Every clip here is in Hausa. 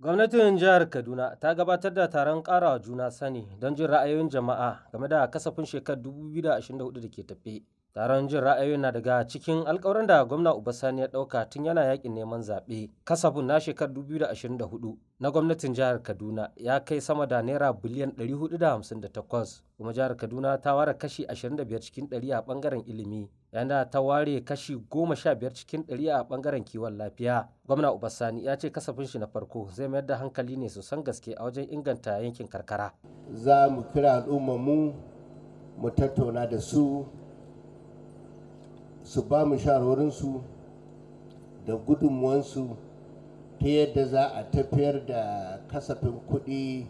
Gwamnatin jihar Kaduna ta gabatar da taron karawa juna sani don jin ra'ayoyin jama'a game da kasafin shekarar 2024 da ke tafe. taron jin ra'ayoyi na daga cikin alkawarin da gwamna Ubasani ya ɗauka tun yana yakin neman zaɓe. Kasafin na shekar 2024 na gwamnatin jihar Kaduna ya kai sama da naira biliyan 458 kuma jihar Kaduna ta ware kashi 25 cikin 100 a ɓangaren ilimi yana ta ware kashi 15 cikin 100 a bangaren kiwon lafiya. Gwamna Ubasani ya ce kasafin shi na farko zai mayar da hankali ne sosan gaske a wajen inganta yankin karkara. Za mu kira al'ummar mu mu tattauna da su su ba mu shawarwarinsu da gudunmuwansu ta yadda za a tafiyar da kasafin kuɗi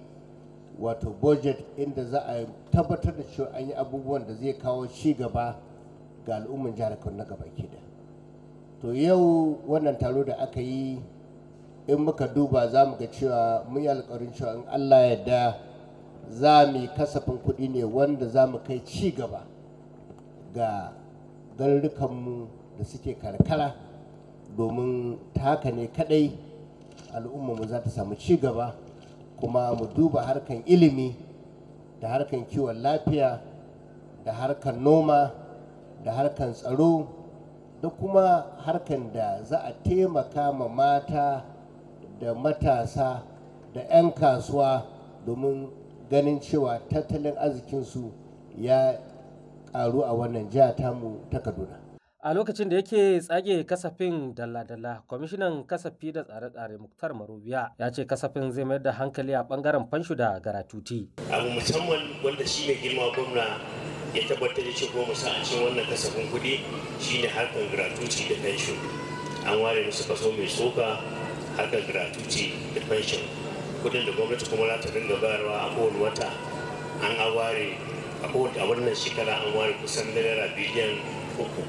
wato budget inda za a tabbatar da cewa an yi abubuwan da zai kawo ci gaba ga al'umman jihar Kano na ke da to yau wannan taro da aka yi in muka duba za mu ga cewa mun yi alƙawarin cewa in Allah yarda za mu yi kasafin kuɗi ne wanda za mu kai ci gaba ga garurukanmu da suke karkara domin ta haka ne kadai al'ummarmu za ta samu ci gaba kuma mu duba harkan ilimi da harkan kiwon lafiya da harkan noma da harkan tsaro da kuma harkan da za a taimaka ma mata da matasa da 'yan kasuwa domin ganin cewa tattalin arzikinsu ya karu a wannan jiha tamu ta kaduna a lokacin da yake tsage kasafin dalla-dalla kwamishinan kasafi da tsare-tsare muktar marubiya ya ce kasafin zai mayar da hankali a bangaren fanshu da garatuti abu musamman wanda shi ne girma gwamna ya tabbatar da shigo musa a cikin wannan kasafin kuɗi shine harkar garatuti da fanshu an ware musu kaso mai tsoka harkar garatuti da pension kudin da gwamnati kuma za ta dinga bayarwa a kowane wata an aware a wannan shekara an ware kusan naira biliyan uku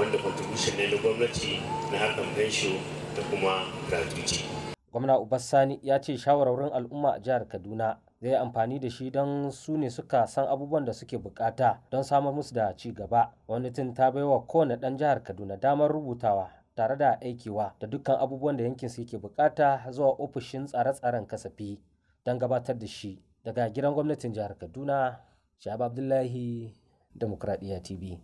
wanda contribution ne na gwamnati na hakan pension da kuma gratuity gwamna ubassani ya ce shawarwarin al'umma a jihar kaduna zai amfani da shi don su ne suka san abubuwan da suke bukata don samar musu da ci gaba gwamnatin ta baiwa kowane dan jihar kaduna damar rubutawa tare da aikiwa da dukkan abubuwan da yankin su yake bukata zuwa ofishin tsare-tsaren kasafi don gabatar da shi daga gidan gwamnatin jihar kaduna Shahab Abdullahi Demokradiyya TV.